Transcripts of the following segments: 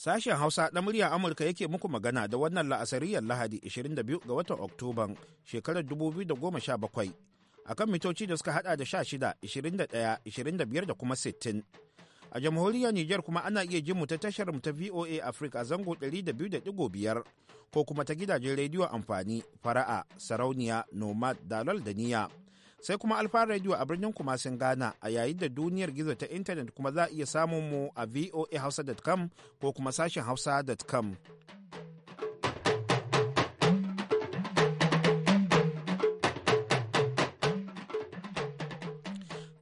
Sashen Hausa na muryar Amurka yake muku magana da wannan la'asariyar Lahadi 22 ga watan Oktoban shekarar 2017 kan mitoci da suka hada da 16, 21, 25 da kuma 60. A jamhuriyar Nijar kuma ana iya jin mu ta tashar mu ta VOA Africa zango 200.5 ko kuma ta gidajen rediyo amfani fara'a sarauniya nomad dalal da niyya. sai kuma alfa radio a birnin kumasin ghana a yayin da duniyar gizo ta intanet kuma za a iya samun mu a voahausa.com ko kuma sashen hausa.com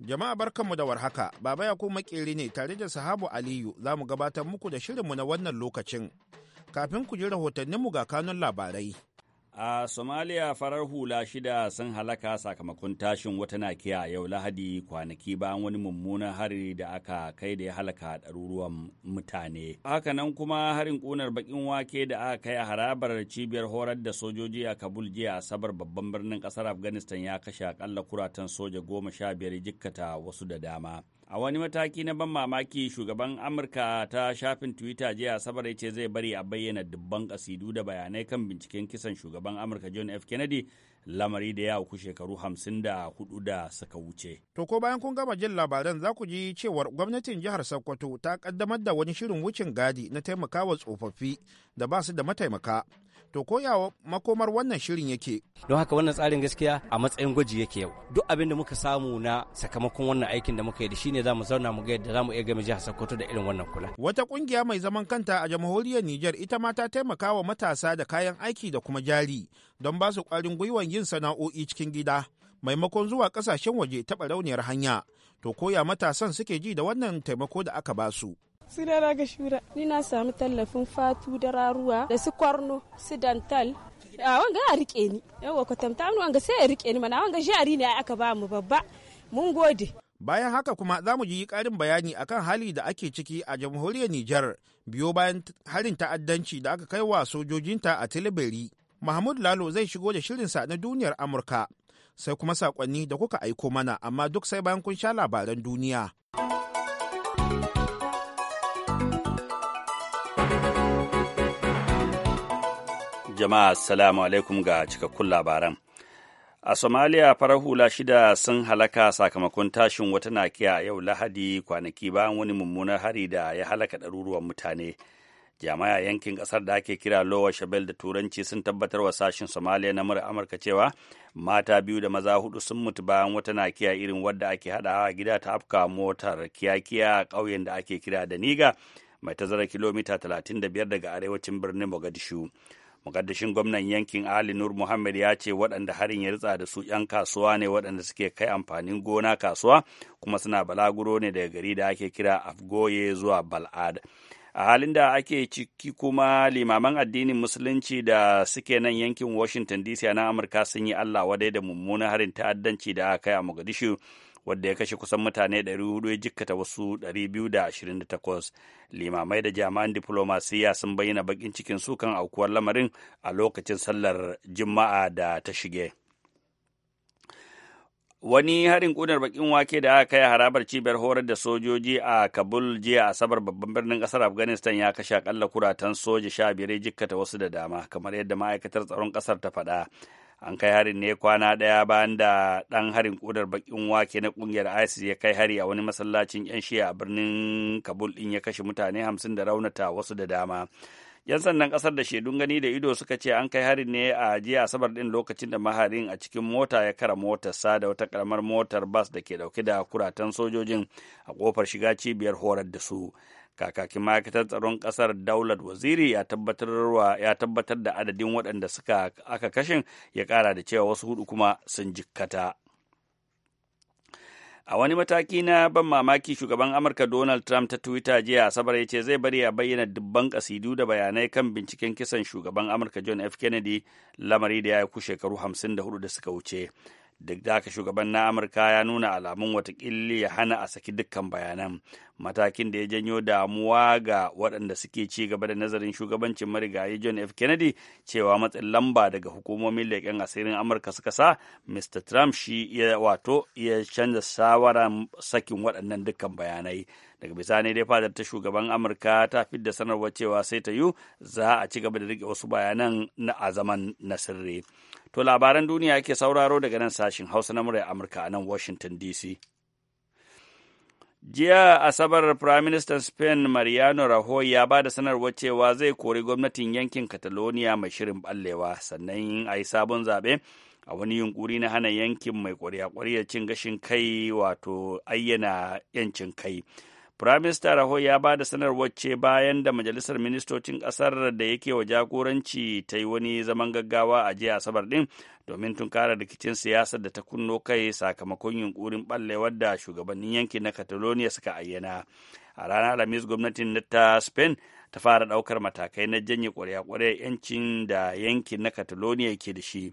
jama'a barkanmu da warhaka baba ya kuma makeri ne tare da sahabu aliyu za mu gabatar muku da shirinmu na wannan lokacin kafin ku ji rahotanninmu ga kanun labarai A Somalia farar hula shida sun halaka sakamakon tashin wata nakiya yau Lahadi kwanaki bayan wani mummunan hari da aka kai da ya halaka ɗaruruwan mutane. Hakanan kuma harin ƙunar bakin wake da aka kai a harabar cibiyar horar da sojoji a Kabul jiya Asabar babban birnin ƙasar Afghanistan ya kashe akalla kuratan soja goma sha biyar jikkata wasu da dama. A wani mataki na ban mamaki shugaban Amurka ta shafin Twitter jiya Asabar ya ce zai bari a bayyana dubban kasidu da bayanai kan binciken kisan shugaban Amurka John F. Kennedy lamari da ya uku shekaru hamsin da hudu da suka wuce. To ko bayan kun gama jin labaran za ku ji cewar gwamnatin jihar Sokoto ta kaddamar da wani shirin wucin gadi na taimakawa tsofaffi da ba su da mataimaka to koya makomar wannan shirin yake don haka wannan tsarin gaskiya a matsayin gwaji yake yau duk abin da muka samu na sakamakon wannan aikin da muka yi da shine zamu zauna mu ga yadda zamu iya game jihar Sokoto da irin wannan kula wata kungiya mai zaman kanta a jamhuriyar Niger ita ma ta taimaka wa matasa da kayan aiki da kuma jari don ba su kwarin gwiwan yin sana'o'i cikin gida maimakon zuwa kasashen waje ta barauniyar hanya to koya matasan suke ji da wannan taimako da aka ba su sunana na ga shura ni na samu tallafin fatu da raruwa da su kwarno su dantal a wanga a rike ni yawa kwatanta mu wanga sai ya rike ni mana wanga jari ne aka ba mu babba mun gode bayan haka kuma za mu ji karin bayani akan hali da ake ciki a jamhuriyar Nijar biyo bayan harin ta'addanci da aka kai wa sojojinta a Tilibiri. Mahmud Lalo zai shigo da shirinsa na duniyar Amurka sai kuma sakonni da kuka aiko mana amma duk sai bayan kun sha labaran duniya. jama'a assalamu alaikum ga cikakkun labaran a somaliya farar hula shida sun halaka sakamakon tashin wata nakiya yau lahadi kwanaki bayan wani mummunar hari da ya halaka ɗaruruwan mutane jama'a yankin ƙasar da ake kira lowa shabel da turanci sun tabbatar wa sashin somaliya na mura amurka cewa mata biyu da maza hudu sun mutu bayan wata nakiya irin wadda ake haɗawa a gida ta afka motar kiyakiya a ƙauyen da ake kira da niga mai tazara kilomita 35 daga arewacin birnin mogadishu mukaddashin gwamnan yankin ali nur muhammad ya ce waɗanda harin ya ritsa da su 'yan kasuwa ne waɗanda suke kai amfanin gona kasuwa kuma suna balaguro ne daga gari da ake kira afgoye zuwa bal'ad a halin da ake ciki kuma limaman addinin musulunci da suke nan yankin washington dc na amurka sun yi allah wadai da mummunan harin ta'addanci da aka kai a mogadishu wadda ya kashe kusan mutane 400 ya jikkata wasu 228 limamai da jami'an diflomasiya sun bayyana bakin cikin su kan aukuwar lamarin a lokacin sallar juma'a da ta shige wani harin kunar bakin wake da aka kai harabar cibiyar horar da sojoji a kabul jiya asabar babban birnin kasar afghanistan ya kashe akalla kuratan soja sha biyar jikkata wasu da dama kamar yadda ma'aikatar tsaron kasar ta faɗa an kai harin ne kwana ɗaya bayan da ɗan harin ƙudar bakin wake na ƙungiyar isis ya kai hari a wani masallacin 'yan shiya a birnin kabul ɗin ya kashe mutane hamsin da raunata wasu da dama 'yan sandan ƙasar da shaidun gani da ido suka ce an kai harin ne a jiya asabar ɗin lokacin da maharin a cikin mota ya kara motarsa da wata karamar motar bas da ke ɗauke da kuratan sojojin a ƙofar shiga cibiyar horar da su kakakin ma'aikatar tsaron kasar daulat waziri ya tabbatar da adadin waɗanda suka aka kashin ya kara da cewa wasu hudu kuma sun jikkata a wani mataki na ban mamaki shugaban amurka donald trump ta twitter jiya asabar ya ce zai bari ya bayyana dubban kasidu da bayanai kan binciken kisan shugaban amurka john f kennedy lamari da ya ku shekaru 54 da suka wuce duk da haka shugaban na amurka ya nuna alamun watakilli ya hana a saki dukkan bayanan matakin da ya janyo damuwa ga waɗanda suke ci gaba da nazarin shugabancin marigayi john f kennedy cewa matsin lamba daga hukumomin leƙen asirin amurka suka sa mr trump shi ya wato ya canza shawarar sakin waɗannan dukkan bayanai daga bisani dai fadar ta shugaban amurka ta fidda sanarwar cewa sai ta yi za a ci gaba da rike wasu bayanan na a zaman na sirri. To labaran duniya ke sauraro daga nan sashin Hausa na murya Amurka a nan Washington DC. Jiya Asabar Prime Minister Spain Mariano Rajoy ya ba da sanarwar cewa zai kori gwamnatin yankin Catalonia mai shirin ballewa sannan a yi sabon zaɓe a wani yunkuri na hana yankin mai ƙwarya-ƙwarya cin gashin kai wato ayyana 'yancin kai. Firaminista Raho ya ba da sanarwar ce bayan da Majalisar Ministocin ƙasar da yake wa jagoranci ta yi wani zaman gaggawa a jiya Asabar ɗin domin tunkara rikicin siyasar da ta kunno kai sakamakon yunkurin ɓallewar da shugabannin yankin na Catalonia suka ayyana. A ranar Alhamis gwamnatin ta Spain ta fara ɗaukar matakai na janye ƙwarya-ƙwarya 'yancin da yankin na catalonia ke da shi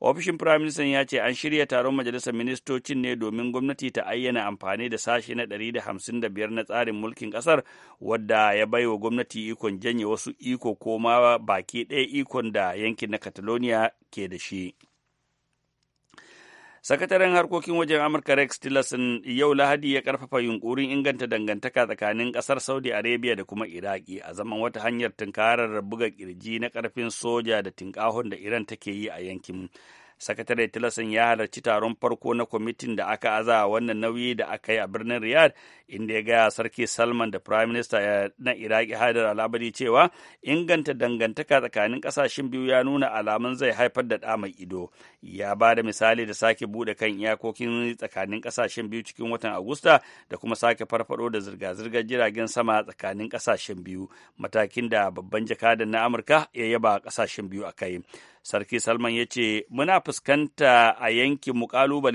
ofishin firaministan ya ce an shirya taron majalisar ministocin ne domin gwamnati ta ayyana amfani da sashe na 155 na tsarin mulkin ƙasar wadda ya bai wa gwamnati ikon janye wasu iko ko baki ɗaya ikon da yankin na catalonia ke da shi Sakataren harkokin wajen Amurka Rex Tillerson yau Lahadi ya karfafa yunkurin inganta dangantaka tsakanin kasar Saudi Arabia da kuma Iraki a zaman wata hanyar tunkarar buga kirji na karfin soja da tinkahon da Iran take yi a yankin. sakatare tilasin ya halarci taron farko na kwamitin da aka aza wannan nauyi da aka yi a birnin riyadh inda ya gaya sarki salman da prime minister eh, na iraki haidar alabari cewa inganta dangantaka tsakanin kasashen biyu ya nuna alamun zai haifar da ɗa mai ido ya ba da misali da sake buɗe kan iyakokin tsakanin kasashen biyu cikin watan agusta da kuma sake farfado da zirga-zirgar jiragen sama tsakanin kasashen biyu matakin da babban jakadan na amurka ya yaba kasashen biyu a kai Sarki Salman ya ce, Muna fuskanta a yankin mu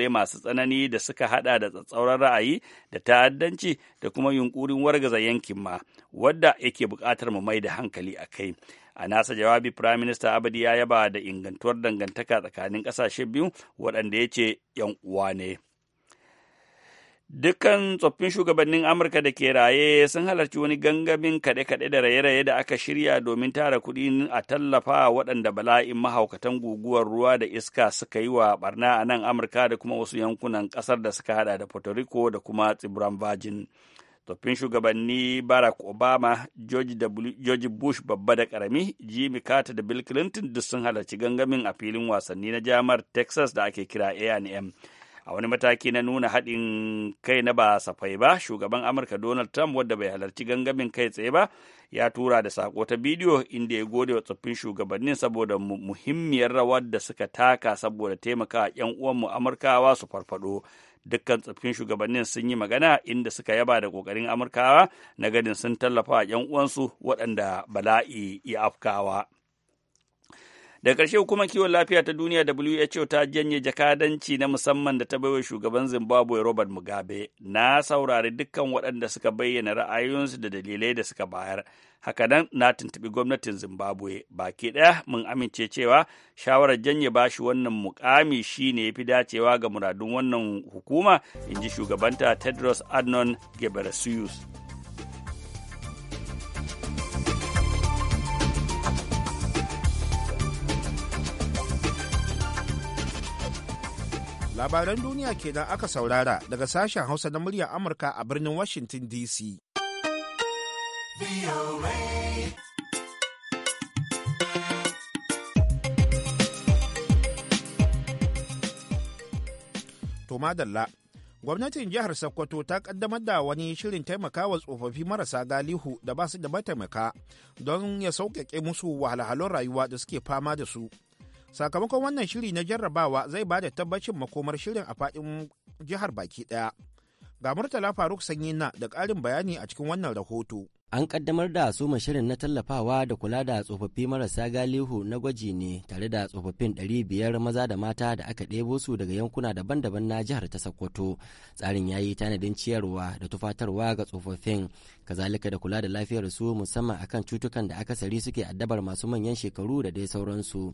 masu tsanani da suka haɗa da tsatsauran ra'ayi da ta'addanci da kuma yunkurin wargaza yankin ma, wadda yake buƙatar mu mai da hankali a kai. a nasa jawabi prime minister abadi ya yaba da ingantuwar dangantaka tsakanin kasashe biyu waɗanda ya ce yan uwa ne Dukkan tsoffin shugabannin Amurka da ke raye sun halarci wani gangamin kaɗe-kaɗe da raye-raye da aka shirya domin tara kuɗi a tallafa waɗanda bala'in mahaukatan guguwar ruwa da iska suka yi wa barna a nan Amurka da kuma wasu yankunan ƙasar da suka hada da Puerto Rico da kuma tsibiran Virgin. Tsoffin shugabanni Barack Obama, George, Bush babba da ƙarami, Jimmy Carter da Bill Clinton duk sun halarci gangamin a filin wasanni na jamar Texas da ake kira A&M. a wani mataki na nuna haɗin kai na ba safai ba shugaban amurka donald trump wadda bai halarci gangamin kai tsaye ba ya tura da sako ta bidiyo inda ya gode wa tsoffin shugabannin saboda muhimmiyar rawar da suka taka saboda taimaka yan uwanmu amurkawa su farfado dukkan tsoffin shugabannin sun yi magana inda suka yaba da kokarin amurkawa na ganin sun tallafa yan uwansu waɗanda bala'i ya afkawa da ƙarshe hukumar kiwon lafiya ta duniya who ta janye jakadanci na musamman da ta baiwa shugaban zimbabwe robert mugabe na saurari dukkan waɗanda suka bayyana ra'ayoyinsu da dalilai da suka bayar haka nan na tuntuɓi gwamnatin zimbabwe baki ɗaya mun amince cewa shawarar janye bashi wannan mukami shi ne ya fi dacewa ga muradun wannan hukuma in ji shugabanta tedros adnon ghebreyesus labaran duniya kenan aka saurara daga sashen hausa na muryar amurka a birnin washington dc to madalla gwamnatin jihar sokoto ta kaddamar da wani shirin taimakawa tsofaffi marasa galihu da ba su da mataimaka don ya sauƙaƙe musu wahalhalun rayuwa da suke fama da su Sakamakon wannan shiri na jarrabawa zai ba da tabbacin makomar shirin a faɗin jihar baki ɗaya. Ga Murtala Faruk na da karin bayani a cikin wannan rahoto. An ƙaddamar da suma shirin na tallafawa da kula da tsofaffi marasa galihu na gwaji ne tare da tsofaffin 500 maza da mata da aka ɗebo su daga yankuna daban-daban na jihar ta Sokoto. Tsarin ya yi tanadin ciyarwa da tufatarwa ga tsofaffin, kazalika da kula da lafiyar su musamman akan cutukan da akasari suke addabar masu manyan shekaru da dai sauransu.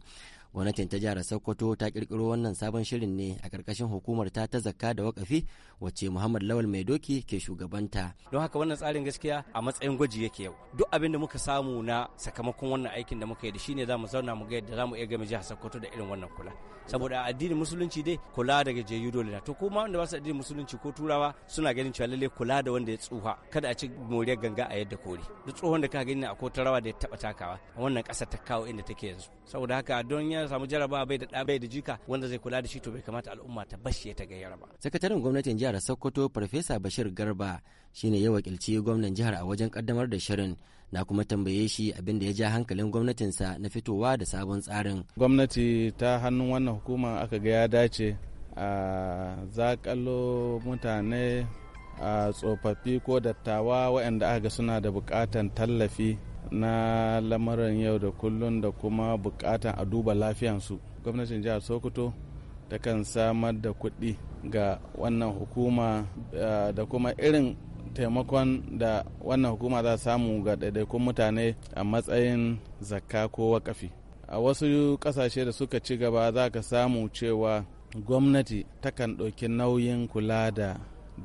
gwamnatin ta jihar sokoto ta kirkiro wannan sabon shirin ne a karkashin hukumar ta ta zakka da wakafi wacce muhammad lawal mai doki ke shugabanta don haka wannan tsarin gaskiya a matsayin gwaji yake yau duk abin da muka samu na sakamakon wannan aikin da muka yi da shine za mu zauna mu ga yadda za mu iya game jihar sokoto da irin wannan kula saboda addinin musulunci dai kula daga jeyu dole na to ko ma wanda ba su addinin musulunci ko turawa suna ganin cewa lalle kula da wanda ya tsufa kada a ci moriyar ganga a yadda kore duk tsohon da ka gani a ko tarawa da ya taba takawa wannan kasa ta kawo inda take yanzu saboda haka don ya ya samu jaraba bai da bai da jika wanda zai kula da shi to bai kamata al'umma ta bashi ta gayyara ba sakataren gwamnatin jihar sokoto farfesa bashir garba shine ya wakilci gwamnan jihar a wajen kaddamar da shirin na kuma tambaye shi abin da ya ja hankalin gwamnatin sa na fitowa da sabon tsarin gwamnati ta hannun wannan hukuma aka ga ya dace a zakalo mutane a tsofaffi ko dattawa waɗanda aka ga suna da bukatan tallafi na lamarin yau da kullun da kuma bukatan a duba lafiyansu gwamnatin jihar sokoto ta kan samar da kuɗi ga wannan hukuma eh, da kuma irin taimakon da wannan hukuma za samu ga ɗaiɗaikun mutane a matsayin zakka ko wakafi a wasu ƙasashe da suka ci gaba za ka samu cewa gwamnati takan ɗauki nauyin kula da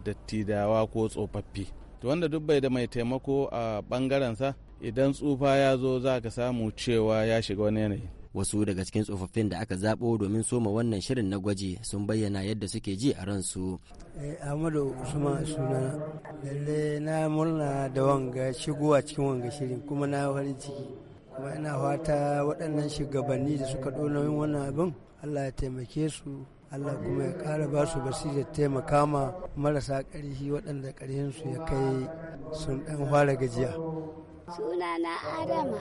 dattidawa ko tsofaffi to wanda duk bai da mai taimako a ɓangarensa idan tsufa ya zo za ka samu cewa ya shiga wani yanayi wasu daga cikin tsofaffin da aka zaɓo domin soma wannan shirin na gwaji sun bayyana yadda suke ji a ransu. Eh, Ahmadu Usman sunana lalle na murna da wanga shigowa cikin wanga shirin kuma na farin ciki kuma ina fata waɗannan shugabanni da suka ɗona yin wannan abin Allah ya taimake su Allah kuma ya ƙara ba su basirar taimaka ma marasa ƙarfi waɗanda ƙarfinsu ya kai sun ɗan fara gajiya. Suna na Adama.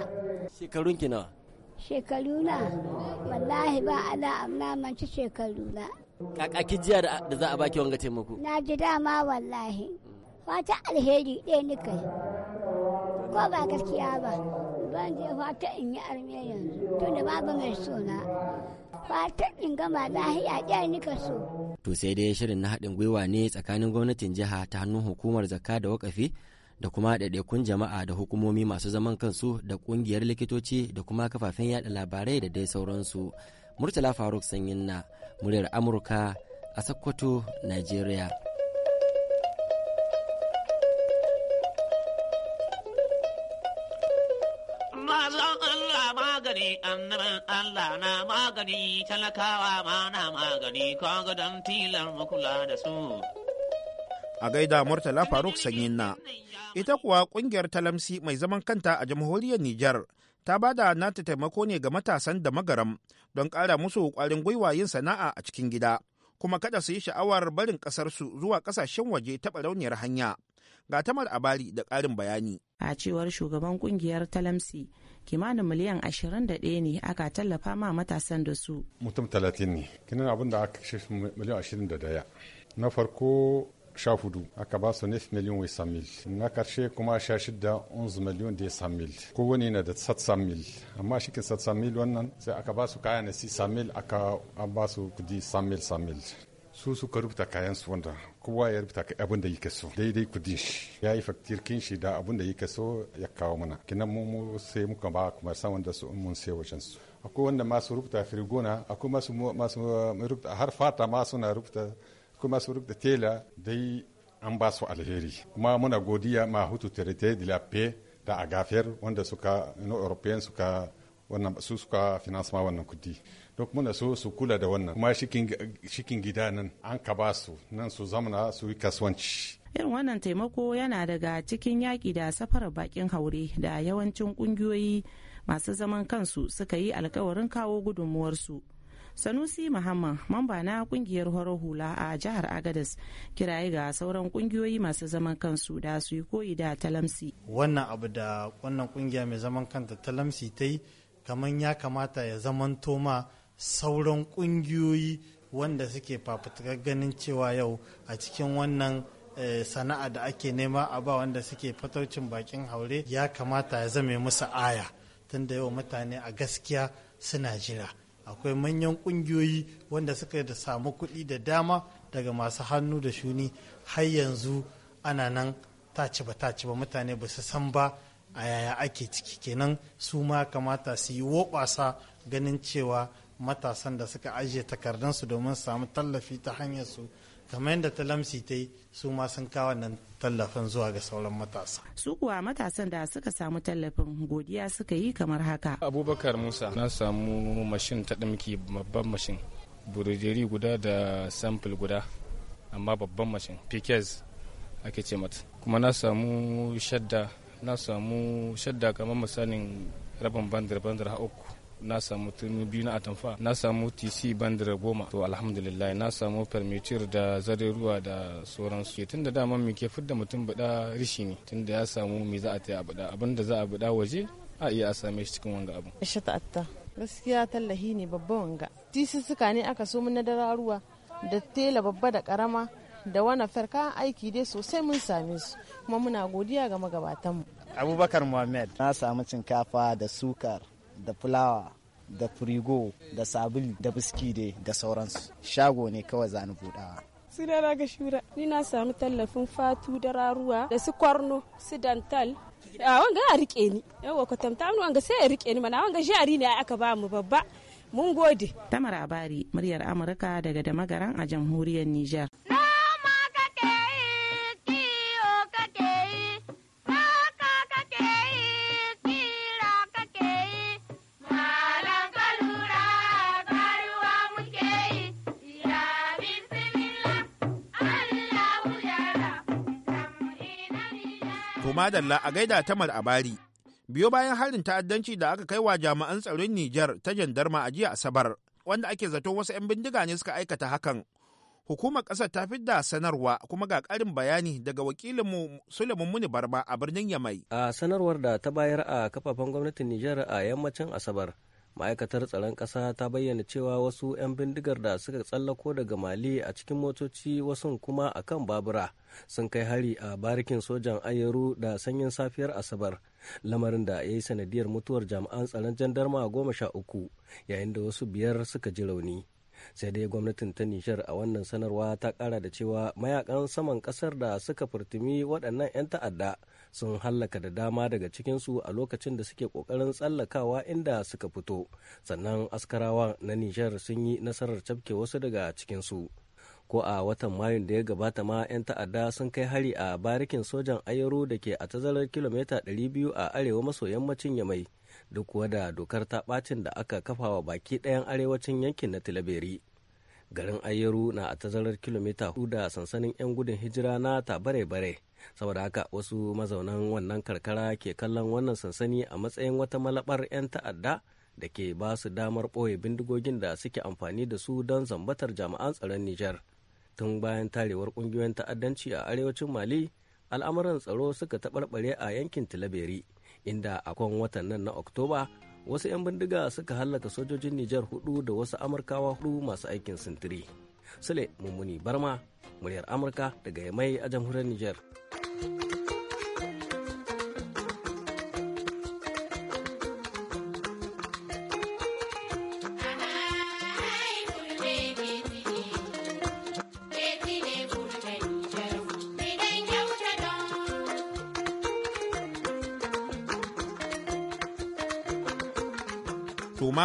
Shekarun ki nawa? Shekaru na wallahi ba ala amna manci shekaru na. Kaka ki jiya da za a baki wanga taimako? Na ji dama wallahi. Fata alheri ɗaya ni kai. Ko ba gaskiya ba. Ban je fata in yi armiya yanzu tunda babu mai sona. Fata in gama lahiya ɗaya ni ka so. To sai dai shirin na haɗin gwiwa ne tsakanin gwamnatin jiha ta hannun hukumar zakka da wakafi da kuma ɗaiɗaikun jama'a da hukumomi masu zaman kansu da ƙungiyar likitoci da kuma kafafen yaɗa labarai da dai sauransu murtala faruk sanyin na muryar amurka a sokoto nigeria magani annabin na magani talakawa ma na magani kaga don tilar makula a gaida murtala faruk sanyin na Ita kuwa kungiyar Talamsi mai zaman kanta a jamhuriyar Nijar ta ba da nata taimako ne ga matasan da magaram don ƙara musu ƙwarin gwiwa yin sana'a a cikin gida, kuma kada su yi sha'awar barin ƙasarsu zuwa ƙasashen waje ta barauniyar hanya. Ga tamar abari da ƙarin bayani. A cewar shugaban ƙungiyar Talamsi, kimanin miliyan 21 ne aka tallafa ma matasan da su. Mutum 30 ne, kinan abin da aka kashe miliyan 21. Na farko sha hudu aka ba su nef miliyan wai san mil na karshe kuma sha shida unzu miliyan da san mil kowane na da satsan mil amma shikin satsan mil wannan sai aka ba su kaya na si san mil aka ba su kudi san mil san mil su suka rubuta kayan su wanda kowa ya rubuta abin da yake so daidai kudin shi ya yi faktirkin shi da abin da yake so ya kawo mana kinan mu sai muka ba kuma san wanda su mun sai wajen su akwai wanda masu rubuta firgona akwai masu masu rubuta har fata ma na rubuta kuma suruk da tela dai an ba su alheri kuma muna godiya ma hutu terite de la paix da agafer wanda suka no european suka wannan su suka finansama wannan kudi duk muna so su kula da wannan kuma shikin gida nan an ka ba su nan su zamana su yi kasuwanci irin wannan taimako yana daga cikin yaƙi da safarar bakin haure da yawancin ƙungiyoyi masu zaman kansu suka yi alkawarin kawo gudunmuwarsu. sanusi muhammad mamba na kungiyar horo hula a jihar agadas kiraye ga sauran kungiyoyi masu zaman kansu da su yi koyi da talamsi wannan abu da wannan kungiya mai zaman kanta talamsi ta yi kamar ya kamata ya zamanto ma sauran kungiyoyi wanda suke fafutukar ganin cewa yau a cikin wannan eh, sana'a da ake nema a ba wanda suke fataucin bakin haure ya kamata ya zame musu aya tunda yau mutane a gaskiya suna jira akwai manyan kungiyoyi wanda suka da samu kuɗi da dama daga masu hannu da shuni har yanzu ana nan tace ba tace ba mutane ba su san ba a yaya ake ciki kenan su ma kamata su yi wobasa ganin cewa matasan da suka ajiye takardunsu domin samu tallafi ta hanyar su kamar yadda ta lamsi ta yi su ma sun kawo wannan tallafin zuwa ga sauran matasa. Su kuwa matasan da suka samu tallafin godiya suka yi kamar haka. Abubakar Musa na samu mashin ta ɗimki babban mashin. Burjeri guda da sample guda amma babban mashin PKS ake ce mata. Kuma na samu shadda na samu shadda kamar misalin rabin bandar bandar uku na samu turmi biyu na atamfa na samu tc bandar goma to alhamdulillah na samu permitir da zare ruwa da sauransu ke da dama mai ke fidda mutum bada rishi ne Tun da ya samu mai za a ta bada abin da za a bada waje a iya a same shi cikin wanga abu gaskiya tallahi ne babba wanga tisussuka ne aka so mu na ruwa da tela babba da karama da wani farka aiki dai sosai mun same su kuma muna godiya ga magabatanmu abubakar muhammad na samu cinkafa da sukar da fulawa da firigo da sabulu da biski da sauransu shago ne kawai zani budawa na ga shura ni na samu tallafin fatu da raruwa da su kwarno su dantal a wanga a rike ni yawa kwatanta mu wanga sai ya rike ni mana wanga jari ne aka ba mu babba mun gode tamar abari muryar amurka daga damagaran a jamhuriyar nijar. Madalla a gaida ta a bari. Biyo bayan harin ta'addanci da aka kai wa jami'an tsaron Nijar ta jandarma a jiya Asabar, wanda ake zato wasu 'yan bindiga ne suka aikata hakan. Hukumar ƙasar ta fidda sanarwa kuma ga ƙarin bayani daga wakilinmu Suleiman Muni Barba a birnin Yamai. A sanarwar da ta bayar a kafafen gwamnatin Nijar a yammacin Asabar, ma'aikatar tsaron ƙasa ta bayyana cewa wasu 'yan bindigar da suka tsallako daga mali a cikin motoci wasu kuma a kan babura sun kai hari a barikin sojan ayaru da sanyin safiyar asabar lamarin da ya yi sanadiyar mutuwar jami'an tsaron jandarma goma sha uku yayin da wasu biyar suka ji rauni sai dai gwamnatin ta nishar a wannan sanarwa ta kara da cewa mayakan saman kasar da suka furtumi waɗannan 'yan ta'adda sun hallaka da dama daga cikinsu a lokacin da suke ƙoƙarin tsallakawa inda suka fito sannan askarawa na nijar sun yi nasarar cafke wasu daga cikinsu ko a watan mayun da ya gabata ma 'yan ta'adda sun kai hari a barikin sojan ayaro da ke a tazarar kilomita 200 a arewa maso yammacin yamai duk kuwa da dokar ta bacin da aka kafa wa baki ɗayan arewacin yankin na tilaberi garin ayyaru na a tazarar kilomita hudu da sansanin 'yan gudun hijira na tabare-bare saboda haka wasu mazaunan wannan karkara ke kallon wannan sansani a matsayin wata malabar 'yan ta'adda da ke ba su damar ɓoye bindigogin da suke amfani da su don zambatar jami'an tsaron nijar tun bayan tarewar ƙungiyoyin ta'addanci a arewacin mali al'amuran tsaro suka taɓarɓare a yankin tilaberi inda a kwan watan nan na oktoba wasu 'yan bindiga suka hallaka sojojin Nijar hudu da wasu Amurkawa hudu masu aikin sintiri. Sule Mummuni Barma, muryar Amurka daga Yamai a jamhuriyar Nijar.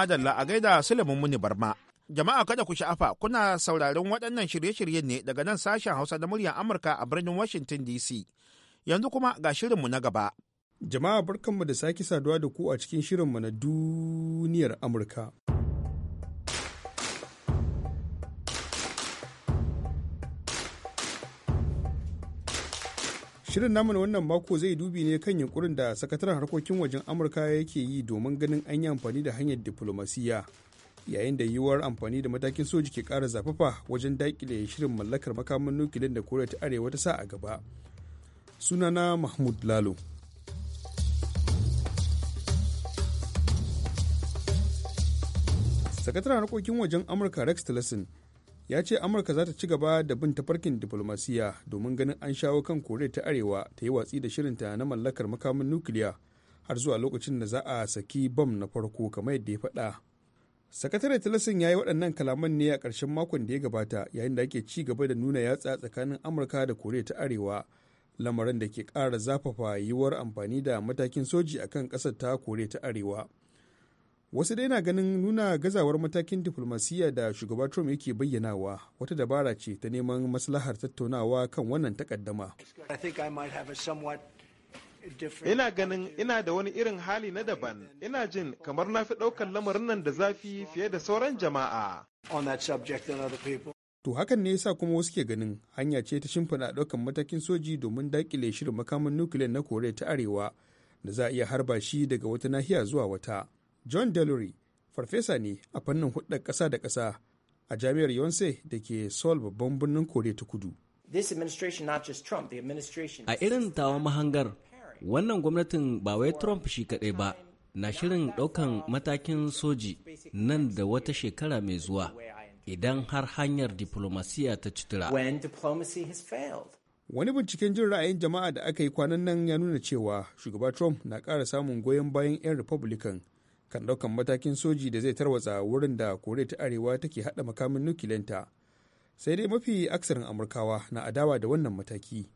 Madalla a gaida Suleiman Muni Barma. Jama'a kada ku sha'afa kuna sauraron waɗannan shirye-shiryen ne daga nan sashen Hausa da muryar Amurka a birnin Washington DC. Yanzu kuma ga shirinmu na gaba. Jama'a barkanmu da sake saduwa da ku a cikin shirinmu na duniyar Amurka. Shirin namu na wannan mako zai dubi ne kan yunkurin da sakataren harkokin wajen Amurka yake yi domin ganin an yi amfani da hanyar diflomasiyya yayin da yiwuwar amfani da matakin soji ke ƙara zafafa wajen daƙile shirin mallakar makaman nukilin da Koriya ta Arewa ta sa a gaba. Sunana Mahmud Lalo. Sakataren harkokin wajen Amurka Rex Tillerson ya ce amurka za ta ci gaba da bin tafarkin diflomasiyya domin ganin an shawo kan koriya ta arewa ta yi watsi da shirinta na mallakar makamin nukiliya har zuwa lokacin da za a saki bam na farko kamar yadda ya faɗa sakatare tilasin ya yi waɗannan kalaman ne a ƙarshen makon da ya gabata yayin da ake ci gaba da nuna yatsa tsakanin amurka da koriya ta arewa lamarin da ke ƙara zafafa yiwuwar amfani da matakin soji akan ƙasar ta koriya ta arewa wasu dai na ganin nuna gazawar matakin diflomasiyya da shugaba trump yake bayyanawa wata dabara ce ta neman maslahar tattaunawa kan wannan takaddama ina ganin ina da wani irin hali na daban ina jin kamar na fi ɗaukar lamarin nan da zafi fiye da sauran jama'a to hakan ne yasa kuma wasu ke ganin hanya ce ta shimfiɗa ɗaukar matakin soji domin daƙile shirin makamin nukiliyan na koriya ta arewa da za a iya harba shi daga wata nahiya zuwa wata john delury farfesa ne a fannin hudar kasa da kasa a jami'ar yonsei da ke seoul babban birnin koriya ta kudu a irin tawa mahangar wannan gwamnatin ba wai trump shi kaɗai ba na shirin ɗaukan matakin soji nan da wata shekara mai zuwa idan har hanyar diplomasiya ta citira. Wani binciken jin ra'ayin jama'a da aka yi kwanan nan ya nuna cewa shugaba Trump na ƙara samun goyon bayan 'yan Republican kan daukan matakin soji da zai tarwatsa wurin da koriya ta arewa take hada makamin nukiliyanta sai dai mafi aksarin amurkawa na adawa da wannan mataki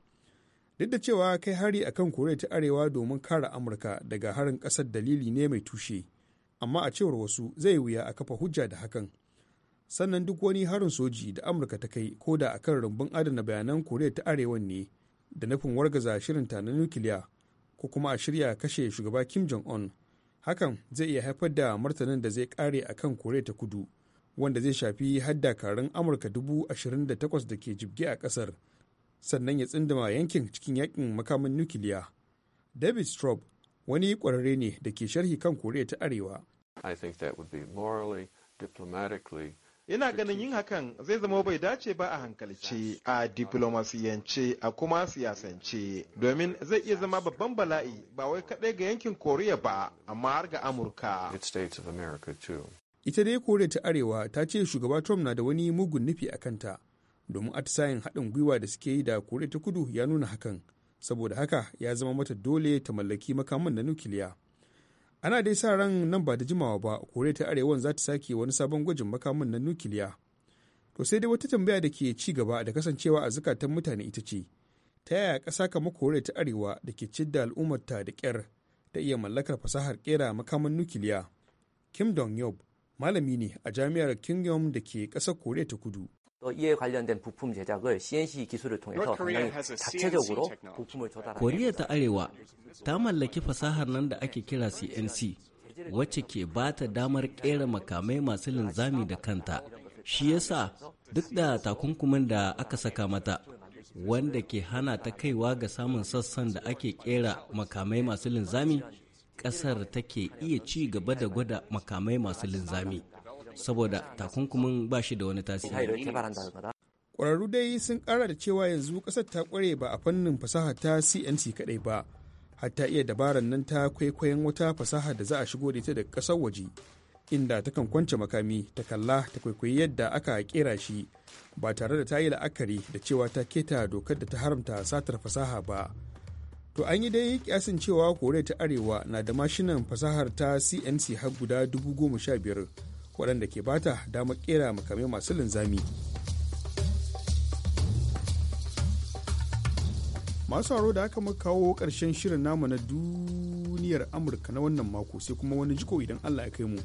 duk da cewa kai hari akan koriya ta arewa domin kare amurka daga harin kasar dalili ne mai tushe amma a cewar wasu zai wuya a kafa hujja da hakan sannan duk wani harin soji da amurka ta kai ko da akan rumbun adana bayanan koriya ta arewa ne da nufin wargaza shirinta na nukiliya ko kuma a shirya kashe shugaba kim jong-un hakan zai iya haifar da martanin da zai kare a kan koriya ta kudu wanda zai shafi hadda karin amurka dubu ashirin da takwas da ke jibge a kasar sannan ya tsindama yankin cikin yakin makamin nukiliya david straub wani kwararre ne da ke sharhi kan koriya ta arewa i think that be morally diplomatically ina ganin yin hakan zai zama bai dace ba a hankalce a diplomasiyance a kuma siyasance domin zai iya zama babban bala'i ba wai kadai ga yankin koriya ba amma har ga amurka ita dai koriya ta arewa ta ce shugaba trump na da wani mugun nufi a kanta domin atisayen haɗin gwiwa da suke yi da koriya ta kudu ya nuna hakan saboda haka ya zama mata dole ta mallaki makaman na nukiliya ana dai sa ran nan ba da jimawa ba koriya ta arewan za ta sake wani sabon gwajin makamin na nukiliya to sai dai wata tambaya da ke ci gaba da kasancewa a zukatan mutane ita ce ta yaya ƙasa kamar koriya ta arewa da ke cidda al'ummarta da kyar ta iya mallakar fasahar ƙera makaman nukiliya kim dong yob malami ne a jami'ar Kim da ke ƙasar Koriya ta Kudu. 또 이에 관련된 부품 제작을 CNC 기술을 통해서 자체적으로 부품을 코리아 ta Arewa ta mallaki fasahar nan da ake kira CNC wacce ke ba ta damar kera makamai masu linzami da kanta shi yasa duk da takunkumin da aka saka mata wanda ke hana ta kaiwa ga samun sassan da ake kera makamai masu linzami ƙasar take iya ci gaba da gwada makamai masu linzami saboda takunkumin ba shi da wani tasiri. Ƙwararru dai sun ƙara da cewa yanzu ƙasar ta ƙware ba a fannin fasaha ta CNC kaɗai ba, hatta iya dabarar nan ta kwaikwayon wata fasaha da za a shigo da ita da ƙasar waje, inda takan kwance makami ta kalla ta kwaikwayi yadda aka ƙera shi ba tare da ta yi la'akari da cewa ta keta dokar da ta haramta satar fasaha ba. To an yi dai kiyasin cewa Koriya ta Arewa na da mashinan fasahar ta CNC har guda dubu goma sha biyar. waɗanda ke bata damar kera makamai masu linzami masu haro da aka muka kawo ƙarshen shirin namu na duniyar amurka na wannan mako sai kuma wani jiko idan allah ya kai mu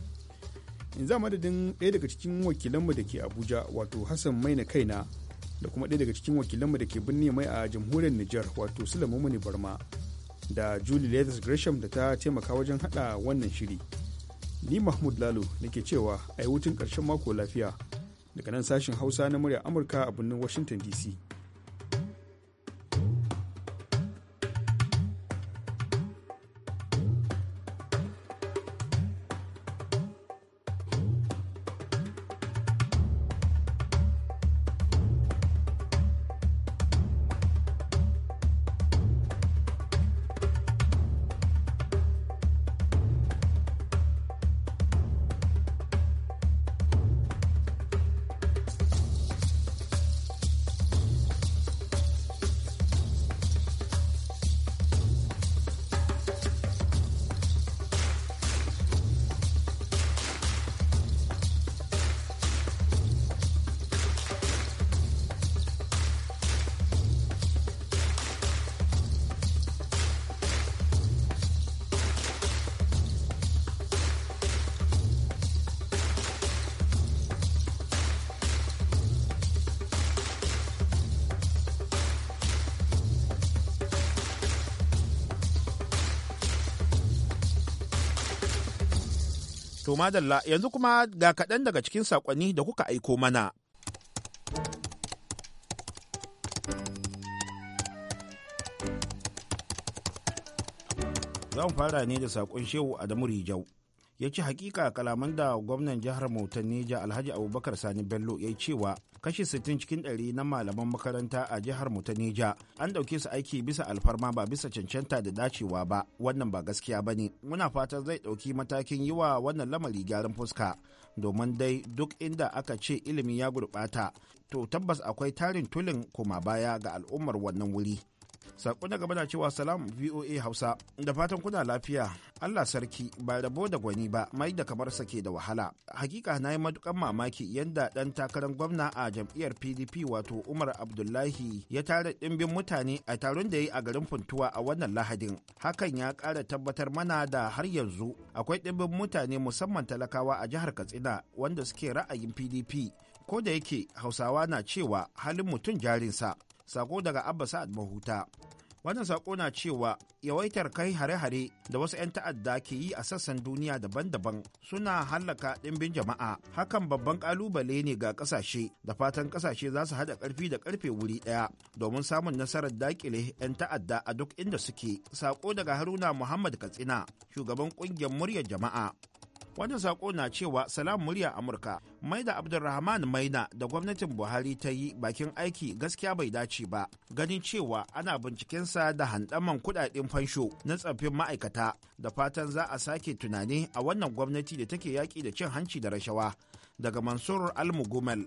in za madadin ɗaya daga cikin wakilanmu da ke abuja wato hassan maina kaina da kuma ɗaya daga cikin wakilanmu da ke binne mai a jamhuriyar nijar wato sulaiman barma da julie leathers gresham da ta taimaka wajen haɗa wannan shiri ni mahmud lalo nake cewa a yi hutun ƙarshen mako lafiya daga nan sashen hausa na murya amurka a birnin washington dc wato madalla yanzu kuma ga kaɗan daga cikin saƙonni da kuka aiko mana. Zan fara ne da saƙon Shehu Adamu Rijau. ya ce hakika kalaman da gwamnan jihar motan neja alhaji abubakar sani bello ya cewa kashi 60 cikin 100 na malaman makaranta a jihar motan neja an dauke su aiki bisa alfarma ba bisa cancanta da dacewa ba wannan ba gaskiya ba ne muna fatan zai dauki matakin yi wa wannan lamari gyaran fuska domin dai duk inda aka ce ilimi ya gurbata to tabbas akwai tarin tulin koma baya ga al'ummar wannan wuri saƙo na gaba na cewa salam VOA Hausa da fatan kuna lafiya Allah sarki ba rabo da gwani ba mai da kamar sake da wahala. Hakika na yi matukan mamaki yadda dan takarar gwamna a jam'iyyar PDP wato Umar Abdullahi ya tara ɗimbin mutane a taron da ya yi a garin Funtuwa a wannan Lahadin. Hakan ya ƙara tabbatar mana da har yanzu akwai ɗimbin mutane musamman talakawa a jihar Katsina wanda suke ra'ayin PDP ko da yake Hausawa na cewa halin mutum jarinsa. Sako daga Abba Sa'ad Mahuta. Wannan sako na cewa yawaitar kai hare-hare da wasu 'yan ta'adda ke yi a sassan duniya daban-daban suna hallaka ɗimbin jama'a. Hakan babban ƙalubale ne ga ƙasashe da fatan ƙasashe za su haɗa ƙarfi da ƙarfe wuri ɗaya domin samun nasarar daƙile 'yan ta'adda a duk inda suke. Sako daga Haruna Muhammad Katsina, shugaban ƙungiyar muryar jama'a. wanda sako na cewa salam murya amurka mai da abdulrahman maina da gwamnatin buhari ta yi bakin aiki gaskiya bai dace ba ganin cewa ana bincikensa da handaman kudaden fansho na tsaffin ma'aikata da fatan za a sake tunani a wannan gwamnati da take yaƙi da cin hanci da rashawa daga mansur almugumel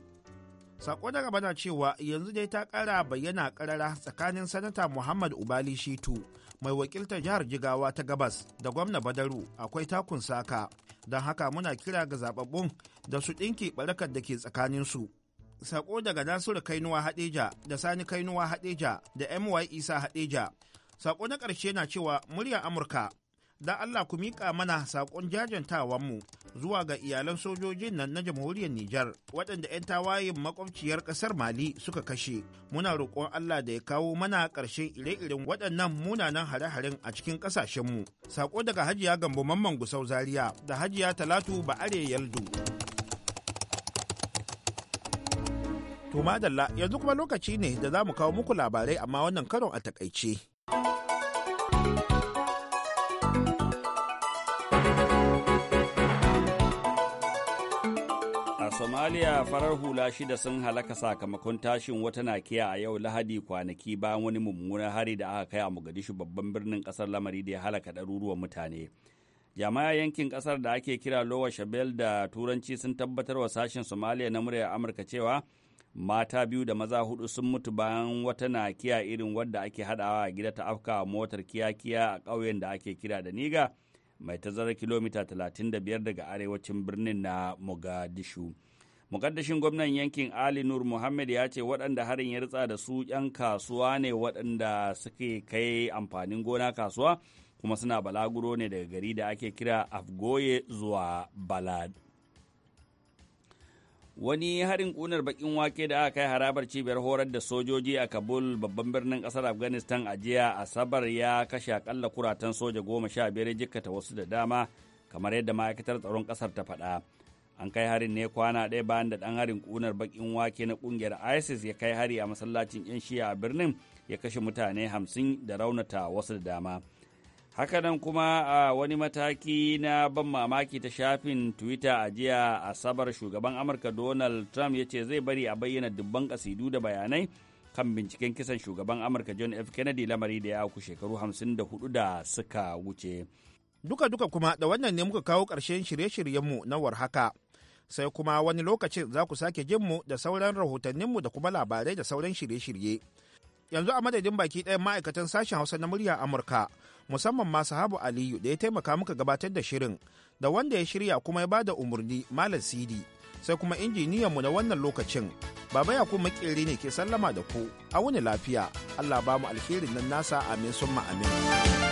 sako daga bana cewa yanzu dai ta ƙara bayyana ƙarara tsakanin sanata muhammad ubali shitu mai wakiltar jihar Jigawa ta Gabas da gwamna Badaru akwai takun saka, don haka muna kira ga zababbun da su ɗinki barakar da ke tsakaninsu. Sako daga Nasiru Kainuwa Hadeja da Sani Kainuwa Hadeja da MY Isa Hadeja. Sako na ƙarshe na cewa muryar Amurka don Allah ku miƙa mana saƙon mu. zuwa ga iyalan sojojin nan na jamhuriyar Nijar waɗanda 'yan tawayen makwabciyar ƙasar Mali suka kashe. Muna roƙon Allah da ya kawo mana ƙarshe ire-iren waɗannan munanan hare-haren a cikin ƙasashen mu. Saƙo daga Hajiya Gambo Mamman Gusau Zaria da Hajiya Talatu Ba'are Yaldu. To madalla yanzu kuma lokaci ne da za mu kawo muku labarai amma wannan karon a takaice. Somalia farar hula shida sun halaka sakamakon tashin wata nakiya a yau Lahadi kwanaki bayan wani mummunar hari da aka kai a Mogadishu babban birnin kasar lamari da ya halaka ɗaruruwan mutane. Jama'a yankin kasar da ake kira Lowa Shabelle da Turanci sun tabbatar wa sashen Somalia na muryar Amurka cewa mata biyu da maza hudu sun mutu bayan wata nakiya irin wadda ake hadawa a gida ta afka a motar kiyakiya a ƙauyen da ake kira da Niga mai tazara kilomita 35 daga arewacin birnin na Mogadishu. mukaddashin gwamnan yankin ali nur muhammad ya ce waɗanda harin ya ritsa da su 'yan kasuwa ne waɗanda suke kai amfanin gona kasuwa kuma suna balaguro ne daga gari da ake kira afgoye zuwa balad wani harin kunar bakin wake da aka kai harabar cibiyar horar da sojoji a kabul babban birnin kasar afghanistan a jiya asabar ya kashe akalla kuratan soja goma sha biyar jikkata wasu da dama kamar yadda ma'aikatar tsaron kasar ta faɗa an kai harin ne kwana ɗaya bayan da ɗan harin ƙunar baƙin wake na ƙungiyar isis ya kai hari a masallacin 'yan shiya a birnin ya kashe mutane hamsin da raunata wasu da dama hakanan kuma a wani mataki na ban mamaki ta shafin twitter a jiya asabar shugaban amurka donald trump ya ce zai bari a bayyana dubban kasidu da bayanai kan binciken kisan shugaban amurka john f kennedy lamari da ya auku shekaru 54 da suka wuce duka duka kuma da wannan ne muka kawo ƙarshen shirye-shiryenmu na warhaka. haka sai kuma wani lokacin za ku sake jin mu da sauran rahotanninmu da kuma labarai da sauran shirye-shirye. Yanzu a madadin baki ɗaya ma'aikatan sashen Hausa na murya Amurka, musamman ma Sahabu Aliyu da ya taimaka muka gabatar da shirin, da wanda ya shirya kuma ya bada umarni Malam Sidi, sai kuma injiniyan mu na wannan lokacin. Baba Yakubu makeri ne ke sallama da ku, a wuni lafiya, Allah ba mu alherin nan nasa amin summa amin.